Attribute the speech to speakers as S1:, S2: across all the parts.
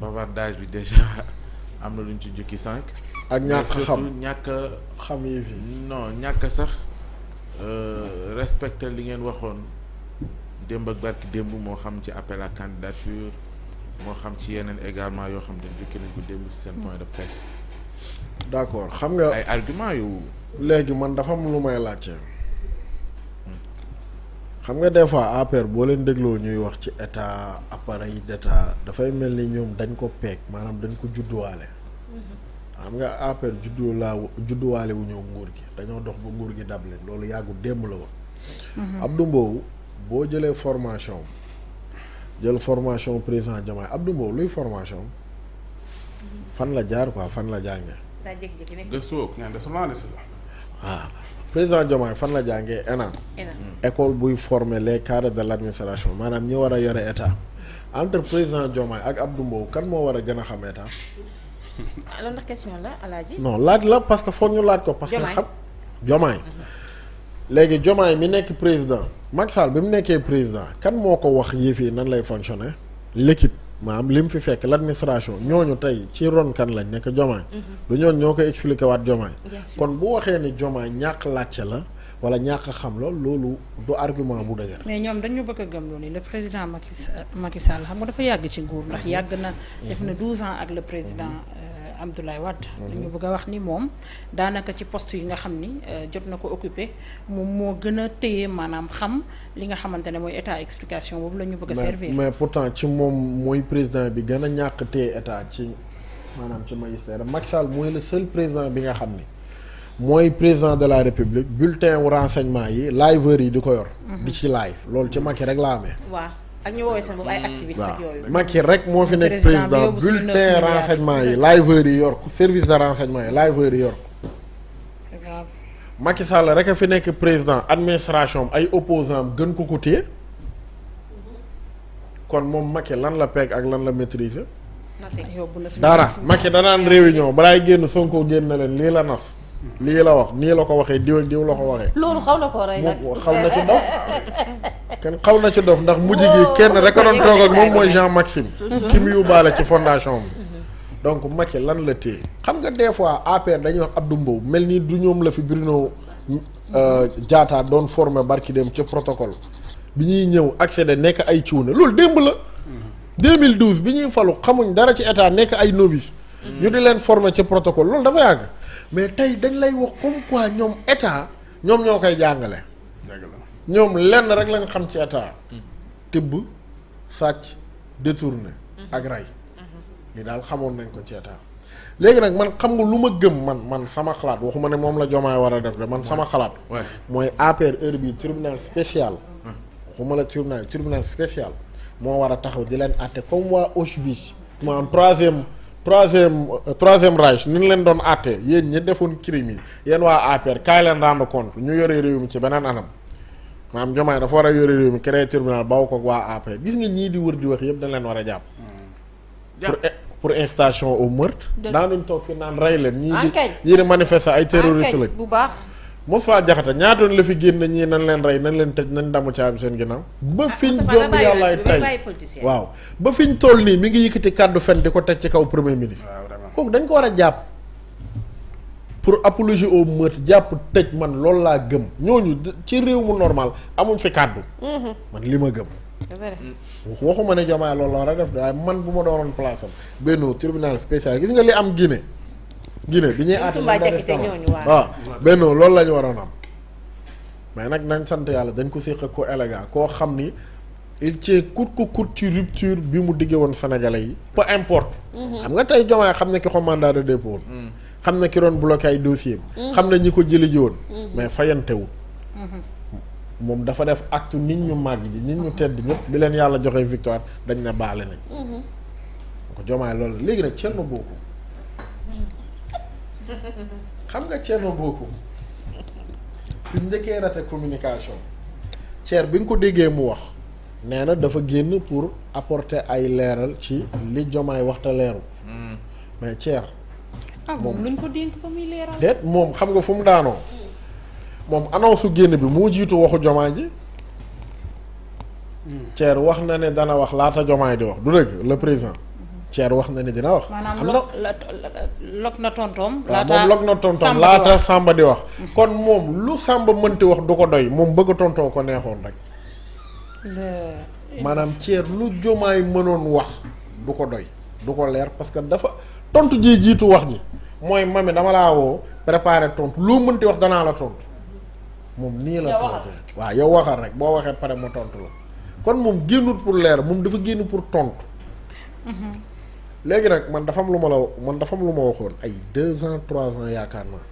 S1: bavardage bi déjà am na lu ñu ci jukki sànq. ak ñàkk xam ñàkk xam yi fi no ñàkk sax euh, respecteur li ngeen waxoon démb ak barki démb moo xam ci appel à candidature moo xam ci yeneen également yoo xam ne jukki nañ ko démb ci seen point de presse. d'accord xam nga ay argument yu. léegi man dafa am lu may laajte. xam nga des fois APR boo leen dégloo ñuy wax ci état appareil d'état dafay mel ni ñoom dañ ko peeg maanaam dañ ko judduwaale. Mm-hmm. xam nga APR juddu laa judduwaale wu ñëw nguur gi dañoo dox ba nguur gi dab loolu yàggu démb la woon. Mm-hmm. Abdou Mbow boo jëlee formation jël formation président Diomaye Abdou Mbow luy formation
S2: mm-hmm.
S1: fan la jaar ko fan la jàngee. daa jékki président Diomaye fan la jàngee ENA. école buy former les cadres de l' administration maanaam ñi war a yore état entre président Diomaye ak Abdou Mbow kan moo war a gën a xam état.
S2: alors ndax question la Alaaji non
S1: laaj la parce que foog ñu laaj ko. parce que xam Diomaye. Mhm. léegi Diomaye mi nekk président Macky bi mu nekkee président kan moo ko wax yëf yi nan lay fonctionner l' maanaam lim fi fekk l'administration ñooñu tey ci ron kan lañ nekk Diomaye mhm. du ñooñu ñoo koy expliqué waat Diomaye kon bu waxee ni Diomaye ñàkk laajte la wala ñàkk xam la loolu du argument bu dëgër
S2: mais ñoom dañu bëgg a gëm nii le président Macky Macky Sall xam nga dafa yàgg ci nguur ndax yàgg na def na douze ans ak le président mhm. euh, Abdoulaye Wade. Mhm. li ñu bëgg a wax ni moom daanaka ci poste yi nga xam ni euh, jot na ko occupé moom moo gën a téye maanaam xam li nga xamante ne mooy état explication boobu la ñu bëgg a servir mais
S1: pourtant ci moom mooy président bi gën a ñàkk téye état ci maanaam ci magistère Macky mooy le seul président bi nga xam ni mooy président de la république bulletin wu renseignement yi liveur yi di ko yor. Mhm. di ci live loolu ci Macky rek laa amee.
S2: waaw. ak ñu woowee seen boobu ay mm, activité rek moo fi nekk président bulletin
S1: renseignement yi liveur yi yor service de renseignement yi liveur yi yor ko. Macky Sall rek a fi nekk président administration ay opposants gën ko ko téye kon moom Macky lan la peg ak lan la maîtriser. dara Macky danaan réunion balaay génn Sonko génn na leen lii la nas. lii la wax nii la ko waxee diw ak diw la ko waxee. loolu xaw na koo rey nag xaw na ci dof kenn xaw na ci dof ndax mujj gi kenn rek a doon toog ak moom mooy Jean Maxime. ki mu yóbbaale ci fondation bi. donc Macky lan la téye. xam nga des fois APR dañuy wax Abdou Mbow mel nii du ñoom la fi Bruno euh, Diatta doon formé barki dem ci protocole bi ñuy ñëw accéder nekk ay cuune loolu démb la. 2012 bi ñuy falu xamuñ dara ci état nekk ay novice. Mm. ñu di leen formé ci protocole loolu dafa yàgg. mais tey dañ lay wax comme quoi ñoom état ñoom ñoo koy jàngale. ñoom lenn rek lañ xam ci état. tibb sàcc détourné. ak rey. li daal xamoon nañ ko ci état. léegi nag man xam nga lu ma gëm man man sama xalaat waxuma ne moom la jomaay war a def de man sama xalaat. mooy APR heure bi tribunal spécial. waxuma la tribunal tribunal spécial moo war a taxaw di leen àtte comme waa Auschwitz. mu am troisième. troisième troisième Reich ni ñu leen doon àttee yéen ñi defoon crime yi yéen waa APR kaay leen rendre compte ñu yore réew mi ci beneen anam maanaam Diomaye dafa war a yore réew mi créé tribunal baw ko waa APR gis nga ñii di wër di wax yëpp dañ leen war a jàpp. Hmm. pour e-, pour incitation au meurtre. dëgg daanuñ toog fi naan rey leen. ñii di ñii di manifester ay terroristes lañ bu baax. Moustapha Diakhaté ñaatoon la fi génn ñii nan leen rey nañ leen tëj nañ damu caabi seen ginnaaw ba ah, fiñ jom waaw ba fiñ toll nii mi ngi yëkkati kàddu fen di ko teg ci kaw premier ministre kooku dañ ko war a jàpp pour apologie au meurtre jàpp tëj man loolu laa gëm ñoo ñu ci réew mu normal amul fi kàddu mm-hmm. man li ma gëm
S2: mm.
S1: waxuma ne jomaay loolu la war a def waaye man bu ma doonoon place am benn tribunal gis nga li am Guinée Guinée bi ñuy aate waaw mais ah, non loolu la ñu waroon am mais nag nañ sant yàlla dañ ko séq ko élégant koo xam ni il tient coûte que coûte ci rupture bi mu diggee woon sénégalais yi peu importe mhm. xam nga tey Diomaye xam na ki ko mandat de dépôt mm. xam na ki doon bloqué ay dossier mm. xam na ñi ko jëli ji woon mm. mais fayantewul mhm. moom dafa def acte nit ñu màgg ji nit ñu tedd ñëpp bi leen yàlla joxee victoire dañ ne baale nañ
S2: ko mhm.
S1: Diomaye loolu léegi nag Thierno Bocoum xam nga Thierno Bocoum fi mu njëkkee raté communication Thierno bi nga ko déggee mu wax nee na dafa génn pour apporter ay leeral ci li jomaay waxta leeru hmm. mais Thierno
S2: ah moom luñ ko dénk
S1: moom xam nga fu mu daanoo moom annonce su génn bi moo jiitu waxu jomaay ji hmm. Thierno wax na ne dana wax laata jomaay di wax du dëgg le président Thierre wax na ne dina wax. am na
S2: lok na tontoom. laata moom sàmba
S1: di wax. kon moom lu Samba mënti wax du ko doy moom bëgg tontoo ko neexoon rek. maanaam Thierre lu jomaay mënoon wax du ko doy du ko leer parce que dafa tontu ji jiitu wax ji mooy mami dama laa woo préparer tontu loo wax danaa la tontu moom nii la tontu waa yow waxal rek boo waxee pare ma tontu la kon moom génnut pour leer moom dafa génn pour tontu. Mhm. léegi nag man dafa am lu ma la man dafa lu ma waxoon ay deux ans trois ans yaakaar naa.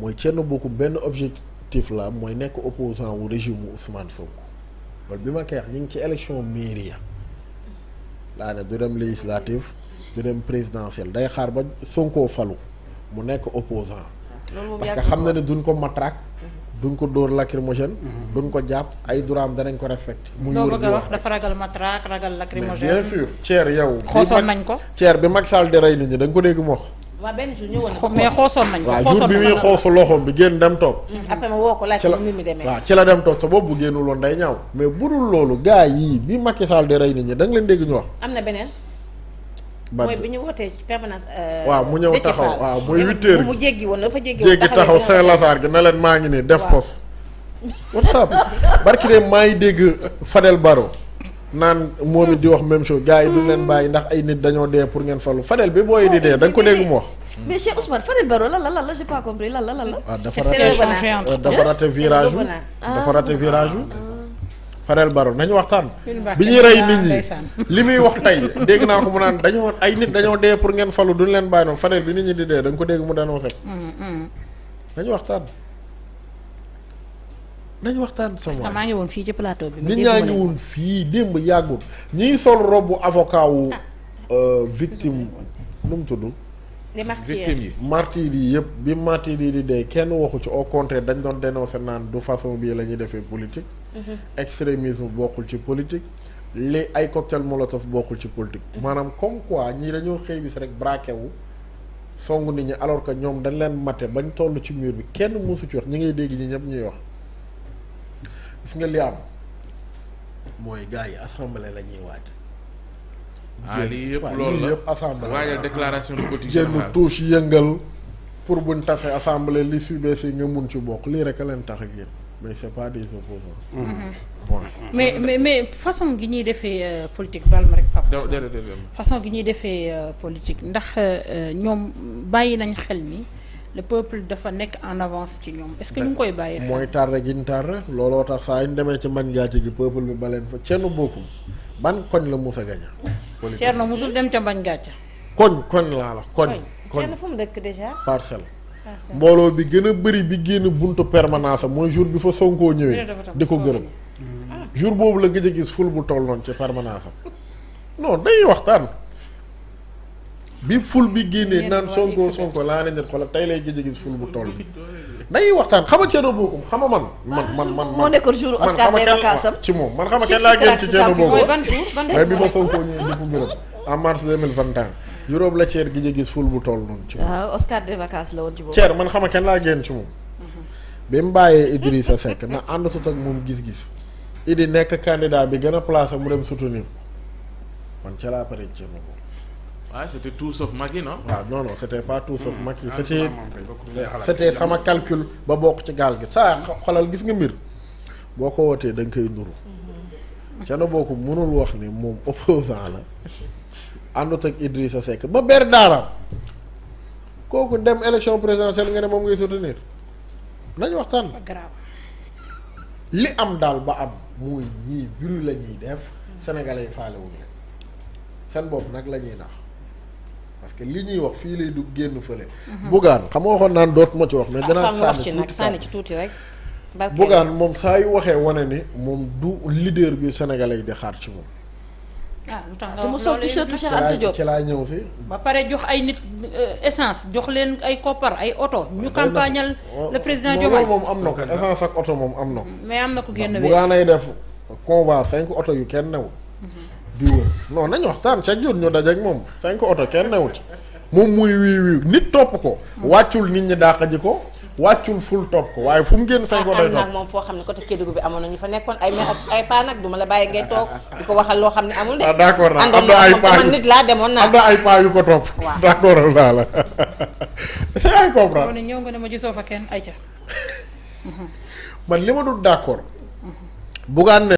S1: mooy Thierno Bocoum benn objectif la mooy nekk opposant wu régime mu Ousmane Sonko. loolu bi ma koy wax ñu ngi ci élection mairie ya laa ne du dem législative du dem présidentielle day xaar ba Sonko falu mu nekk opposant ah, parce que xam na ne duñ ko matraque. duñ ko dóor lacrymogène. Mhm. duñ ko jàpp ay duraam danañ ko respecté. mu ngi wër di wax
S2: dafa ragal matraque ragal lacrymogène. mais bien sûr
S1: Thier yow. xoosoon nañ ko Thier bi mag Sall di rey nit ñi da ko dégg mu wax.
S2: waaw benn jour ñëwoon na mais xoosoon nañ
S1: ko waaw génn dem toog.
S2: Mhm. après woo ko laaj ni mu
S1: ci la dem toog sa bopp bu génnul woon day ñaw mais budul loolu gars yii bi Macky Sall di rey nit ñi da nga leen dégg ñu wax. am na beneen. mooy bi
S2: ñu wootee ci permanence. Euh, waaw mu ñëw taxaw waaw mooy huit heures mu jéggi woon dafa jeggi woon taxaw Saint
S1: Lazare gi na leen maa ngi nii def pos whatsapp barki de maa ngi dégg Fadel Baro naan moom it di wax même chose gars yi du leen bàyyi ndax ay nit dañoo dee pour ngeen falu Fadel bi booy di dee da ko dégg mu wax. Hmm. mais Cheikh Ousmane Fadel Baro lan la lan la j'ai pas compris lan la lan la. Ah, dafa raté dafa raté ah. virage dafa ah, raté Fadel Baro nañu waxtaan. bi ñuy rey ah, nit ñi li muy wax tey dégg naa ko mu naan dañoo ay nit dañoo dee pour ngeen falu duñ leen bàyyi noonu Fadel bi nit ñi di dee da nga ko dégg mu daan mm,
S2: mm.
S1: waxtaan. nañu waxtaan
S2: ngi woon fii ci plateau
S1: bi. nit ñaa ngi woon fii démb yàggul ñiy sol robu avocat wu. Ah. Euh, victime nu mu tudd.
S2: les yi
S1: martyrs yi yëpp bi martyrs yi di dee kenn waxu ci au contraire dañ doon dénoncer naan du façon bii la ñuy defee politique. Mm-hmm. extrémisme bokkul ci politique li ay cocktail molotov bokkul ci politique mm-hmm. maanaam comme quoi ñii dañoo xëy bis rek braqué wu songu nit ñi alors que ñoom dañ leen mate bañ toll ci mur bi kenn mosu ci wax ñi ngay dégg ñi ñëpp ñuy wax gis nga li am mooy gars yi assemblée la ñuy waaj
S2: ah lii yëpp loolu la yëpp assemblée waajal déclaration de politique génn
S1: touche yëngal pour buñ tasee assemblée li subee si nga mun ci bokk lii rek a leen tax ak yéen mais c'est pas des opposants mm -hmm. mais mais mais
S2: façon gi ñuy defee euh, politique bal ma rek papa façon gi ñuy defee euh, politique ndax euh, ñoom bàyyi nañ xel mi le peuple dafa nekk en avance ci ñoom est-ce que ñu ngi koy bàyyi mooy
S1: tarre gi ñu tarre looloo tax saa ñu demee ci man gàcce gi peuple bi baleen fa cenn bokkum ban koñ la Moussa Gagne politique
S2: Thierno musul dem ca mbañ gàcce
S1: koñ koñ laa la koñ koñ
S2: fu mu dëkk mbooloo
S1: bi gën a bëri bi génn buntu permanence am mooy jour bi fa Sonkoo ñëwee di ko ah. gërëm ah. jour boobu la gëj a gis ful bu toll noonu ci permanence am non day waxtaan bi ful bi génnee naan sonkoo Sonko laa ne nit xoolal tey lay gëj a gis ful bu toll day waxtaan xam xama Thierno Bocoum xam man man ah, man man moo nekkoon jour Oscar Mbaye Bakassam ci moom man xama kenn laa gën ci Thierno Bocoum waaye bi fa Sonko ñëwee di ko gërëm en mars 2021 Europe la Thier gi gis ful bu toll noonu. ci waaw
S2: ah, Oscar de vacances la woon ci boobu. Thier
S1: man xama kenn laa génn ci moom. bi mu bàyyee sa Seck na ànd sut ak moom gis-gis. Idi nekk candidat bi gën a placé mu dem soutenir man ca laa pare ci moom. tout sauf Macky non. waaw non non c' était pas sama calcul ba bokk ci gaal gi saa xolal gis nga mbir boo ko wootee da nga koy nuru. Hmm. ca na bokk mënul wax ni moom opposant la. àndut ak Idrissa Seck ba ber daaraam kooku dem élection présidentielle nga ne moom ngay soutenir nañ waxtaan li am daal ba am muy ñii biru la ñuy def sénégalais yi faale wuñu leen seen bopp nag la ñuy nax parce que li ñuy wax fii lay du génn fële mhm. Bougane xam nga waxoon naan dootuma ci wax mais danaa ah, sànni
S2: ci tuuti rek Bougane
S1: moom saa yu waxee wane ni moom du lideer bi sénégalais yi di xaar ci moom
S2: ah lu tax nga wax loolu Cheikh Anta Diop ci laa ñëw si. ba pare jox ay nit euh, essence jox leen ay koppar ay oto. ñu campagnal le président Diomaye moom am na ko essence
S1: ak oto moom am na ko.
S2: mais am na ko génn bu gaanay
S1: def convoi cinq oto yu kenn newul. Mhm. di wër non nañu waxtaan chaque jour ñu dajeeg moom cinq oto kenn newut moom muy wii wii nit topp ko. Mhm. wàccul nit ñi dàq ko. wàccul ful topp ko waaye fu mu génn sañ ko doy topp nag
S2: moom foo xam ne côté Kédougou bi amoon na ñu fa nekkoon ay mais ak ay paa nag du la bàyyi ngay toog di ko waxal loo xam ne amul de ah, ay paa yu laa demoon
S1: naa ay paa ko topp waaw naa la c'est ay comprendre
S2: ñëw nga ne ma gisoo fa kenn ay ca
S1: man li ma dul d'accord bugaan ne